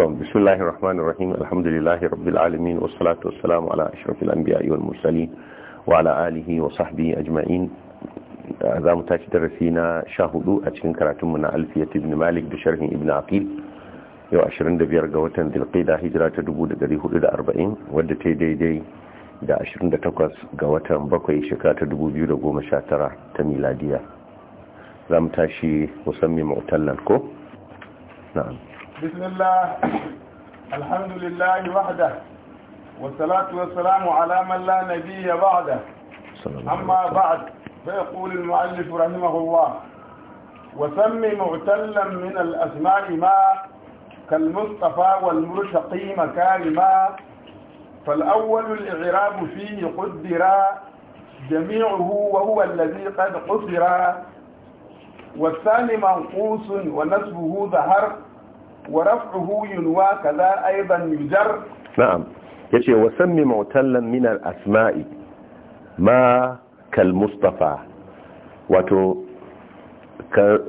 tom bismillahir rahmanir rahim alhamdulillahi rabbil alamin wassalatu wassalamu ala ashrafil anbiya'i wal mursalin wa ala alihi wa sahbihi ajma'in uh, za mu tashi darasi na sha hudu a cikin karatunmu na alfiyat ibn malik da sharhin ibn aqil yau 25 ga watan da hijira ta 1440 wadda ta daidai da 28 ga watan bakwai shekara ta 2019 ta miladiya za mu tashi musamman mu'tallan ko na'am بسم الله الحمد لله وحده والصلاة والسلام على من لا نبي بعده أما بعد فيقول المؤلف رحمه الله وسم معتلا من الأسماء ما كالمصطفى والمرشقي مكارما فالأول الإعراب فيه قدرا جميعه وهو الذي قد قدرا والثاني منقوص ونسبه ظهر wa ينوى كذا kaza يجر نعم na'am وسمي wa من mutallan ما كالمصطفى asmai ma kal wato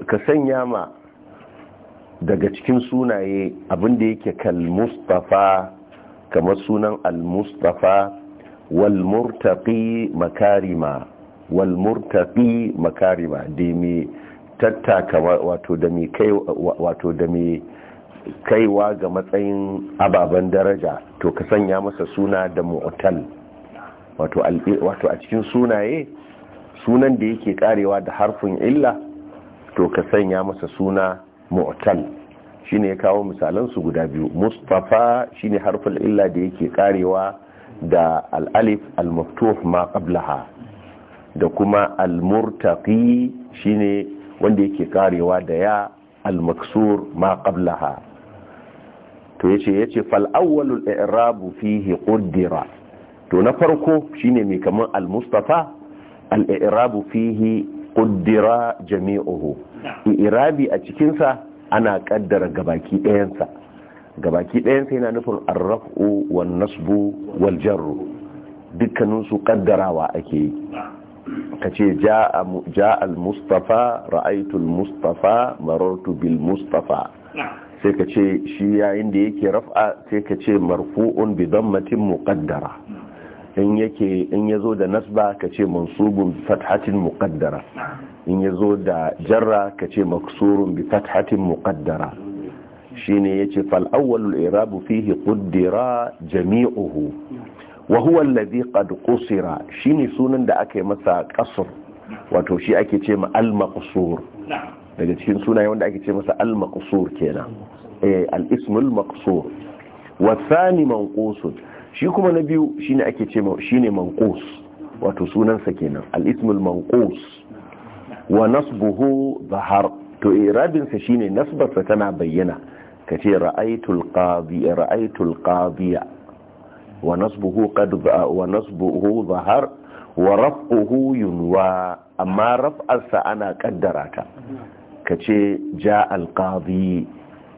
ka sanya ma daga cikin sunaye abin da yake kal mustafa kamar sunan al-mustafa wal murtaqi makarima wal murtaqi makarima da mai tattaka wato kai wato da mai kaiwa ga matsayin ababen daraja to ka sanya masa suna da mu'tal wato a cikin sunaye sunan da yake karewa da harfin illa to ka sanya masa suna mu'tal shine ya kawo misalansu guda biyu mustafa shine harfin illa da yake karewa da al-alif al-maftuh ma qablaha da kuma al-murtaqi shine wanda yake karewa da ya al-maksur ma qablaha to yace yace fal awwalul i'rabu fihi quddira to na farko shine mai kaman al mustafa al i'rabu fihi quddira jami'uhu i'rabi a cikin sa ana kaddara gabaki ɗayansa gabaki ɗayansa yana nufin ar-raf'u wan nasbu wal jarru dukkanin su kaddarawa ake yi ka ce ja al mustafa al mustafa marartu bil mustafa sai ka ce shi yayin da yake raf'a sai ka ce marfu'un bi dammatin muqaddara in yake in yazo da nasba ka ce mansubun bi fathatin muqaddara in yazo da jarra ka ce maksurun bi fathatin muqaddara shine yace fal awwalul i'rabu fihi quddira jami'uhu wa huwa alladhi qad qusira shine sunan da aka yi masa qasr wato shi ake ce ma al maqsur daga cikin sunaye wanda ake ce masa al-maqsur kenan eh al-ismul maqsur wa thani manqusun shi kuma na biyu shine ake ce shine manqus wato sunansa kenan al-ismul manqus wa nasbuhu zahar to irabin eh, sa shine nasbarsa tana bayyana kace ra'aytul qadi ra'aytul qadiya wa nasbuhu qad wa nasbuhu zahar wa raf'uhu yunwa amma raf'arsa ana kaddara ta ka ce ja alqadi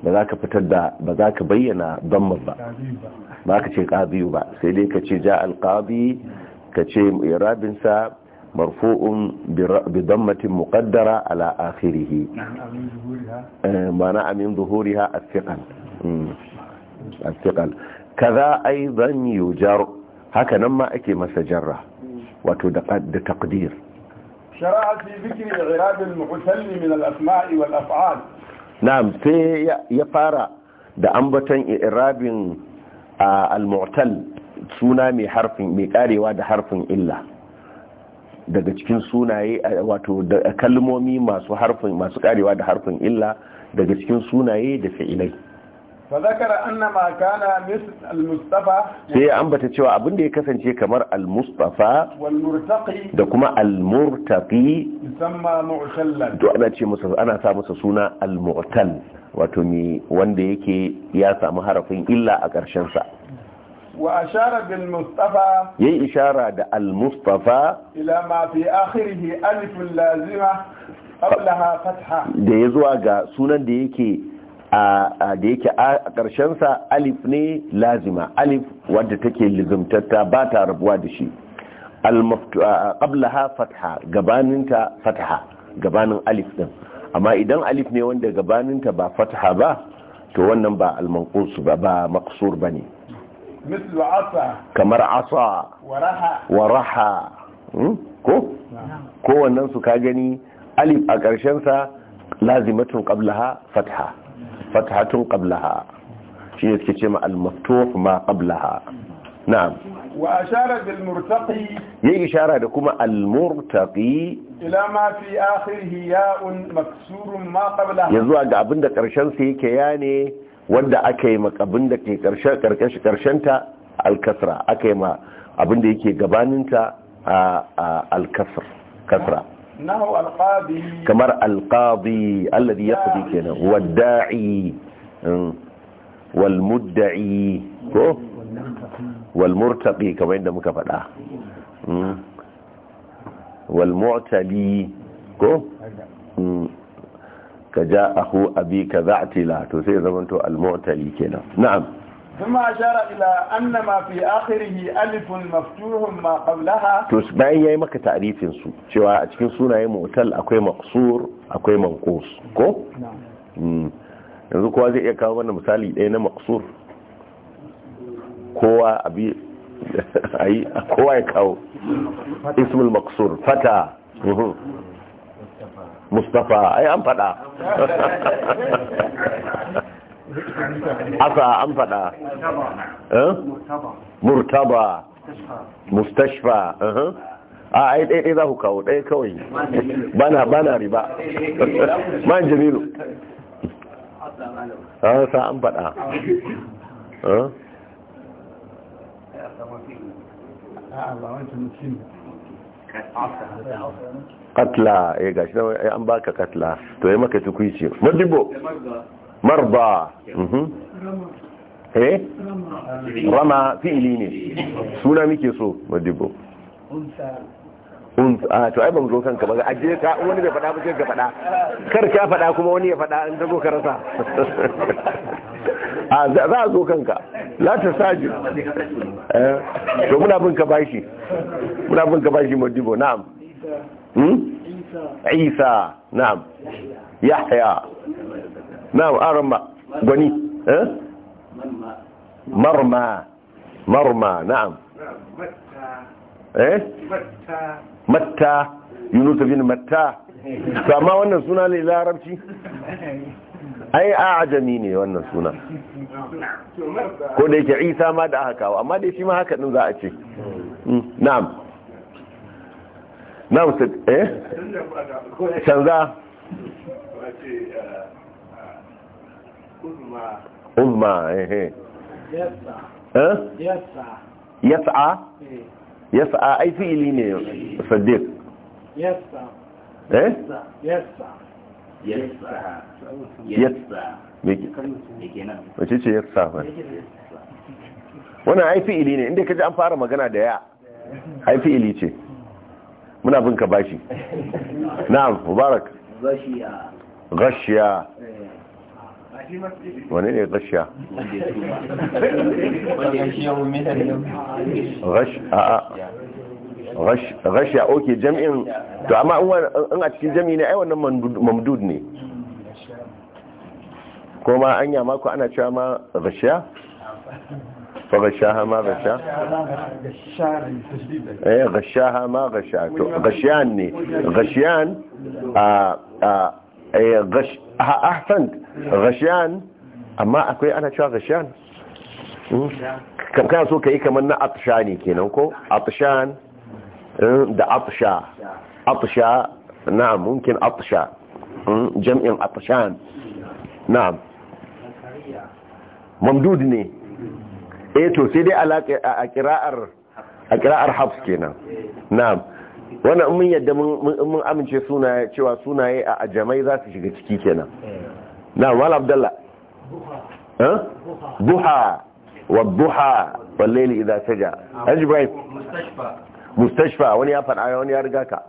ba za ka fitar da ba za ka bayyana dammar ba ba ka ce qadi ba sai dai ka ce ja alqadi ka ce rabinsa marfu'un bi dammatin muqaddara ala akhirih eh, ma'ana amin zuhuriha as-siqal hmm. as-siqal kaza aidan yujar haka nan ma ake masa jarra wato da taqdir shara'a fi zikri i'rab al-muhtalli min al-asma'i wal af'al na'am sai ya fara da ambaton i'rabin al-mu'tal suna mai harfin mai karewa da harfin illa daga cikin sunaye wato da kalmomi masu harfin masu karewa da harfin illa daga cikin sunaye da fi'ilai فذكر أن ما al مثل Sai سي أنبت cewa abin da ya kasance kamar al-mustafa da kuma al-murtaqi yusamma mu'tallan to ana ce musu ana sa suna al-mu'tal wato ni wanda yake ya samu harafin illa a ƙarshen sa wa ashara bil mustafa yayi ishara da al-mustafa ila ma fi akhirihi alif lazima qablaha fatha da ya zuwa ga sunan da yake da yake a ƙarshensa alif ne lazima alif wadda take lizumtatta ba ta rabuwa da shi qablaha fatha gabaninta fatha gabanin alif din amma idan alif ne wanda gabaninta ba fatha ba to wannan ba al-manqus ba ba maqsur bane ne asa kamar asa waraha waraha hmm? ko ko wannan su ka gani alif a ƙarshensa lazimatun qablaha fatha fathatun qablaha shi ne suke ce ma al-maftuh ma qablaha na'am wa ashara bil murtaqi yayi ishara da kuma al-murtaqi ila ma fi akhirih ya'un maksurun ma qablaha yanzu ga abinda karshen sa yake ya ne wanda aka yi makabin da ke karshen karkashi karshenta al-kasra aka yi ma abinda yake gabaninta al-kasr kasra nahu alqadi kamar alqadi alladhi yaqdi kenan wadda'i hmm, wal mudda'i ko wal murtaqi kamar yadda muka faɗa hmm, wal mu'tali ko hmm, ka ja'ahu abika za'tila to sai zamanto al mu'tali kenan na'am ثم أشار إلى أن ما في آخره ألف مفتوح ما قبلها to maka ta'rifin su cewa a cikin sunayen أكوي akwai أكوي akwai كو؟ نعم hmm. yanzu kowa zai iya kawo mana misali ɗaya na maqsur kowa abi kowa ya kawo ismul maqsur fata hmm. mustafa ai an fada asa an faɗa eh? murtaba mustashfa uh-huh. a ai ɗaya za ku kawo ɗaya kawai bana bana riba man jamilu asa an faɗa eh? katla ya eh, gashi an baka katla to ya maka tukwici madibo marba mhm. eh rama fi'ili ne suna muke so madibo a ah, to ai ban zo kanka ba aje ka wani bai faɗa ba sai ka faɗa kar ka faɗa kuma wani ya faɗa in ta ka rasa ah, a za a zo kanka la ta saji eh? to muna bin ka bashi muna bin ka bashi madibo na'am isa hmm? na'am yahya نعم aran غني gwani eh marma marma na'am يونس بن متى فما matta wannan suna ne larabci ai ajami ne wannan suna ko da yake isa ma da aka kawo amma dai shi ma haka din za a ce hmm, na'am na'am eh canza umma ehe eh. yas'a eh. yas'a ai fi'ili ne sadiq yas'a eh yas'a yas'a yas'a wace ce yas'a ba wannan ai fi'ili ne inda kaji an fara magana da ya ai fi'ili ce muna bin ka bashi na'am mubarak gashiya gashiya eh. wani ne gashiya gashiya ok jami'in to amma an a cikin jami'in ne ai wannan mamdud ne kuma an yi amma ku ana cewa ma gashiya Ko gashiya ha ma gashiya gashiya ha ma gashiya to gashiyan ne gashiyan a gashiyan rashiyan amma akwai ana cewa rashiyan hmm? kana so ka yi kamar na atisha ne kenan ko atshan hmm, da atisha, atisha na munkin atisha, hmm, jam'in atshan na mamdud ne eh to sai dai a kira'ar a kira'ar hafs kenan Na. wannan mun yadda mun amince suna cewa sunaye a ajamai za su shiga ciki kenan na mal abdalla duha wa duha wallaili idza saja ajbai mustashfa wani ya faɗa wani ya riga ka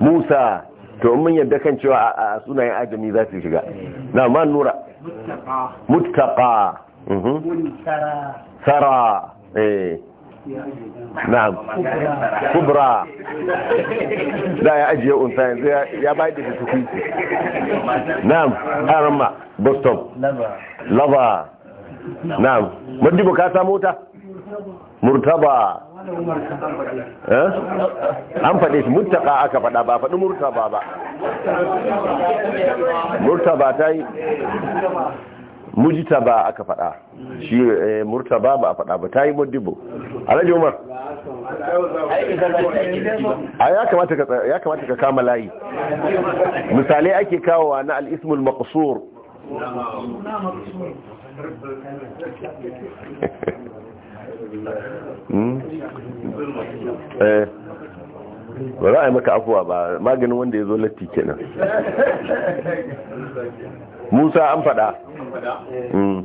musa to mun yadda kan cewa a sunayen ajami za su shiga na ma nura muttaqa mhm. sara eh na'am kubra a ya ajiye unsa yanzu ya bai da tukuki na'am arma bostop lava na'am madibo ka samu ta eh? an faɗe shi aka faɗa ba faɗi murtaba ba murtaba ta yi Mujita ba aka faɗa shi eh, murtaba ba a faɗa ba ta yi modibo alhaji umar a ya kamata ka kama layi misalai ake kawowa na al'ismul makasur hmm? eh. ba za a yi maka afuwa ba maganin wanda ya zo latti kenan musa an faɗa mm.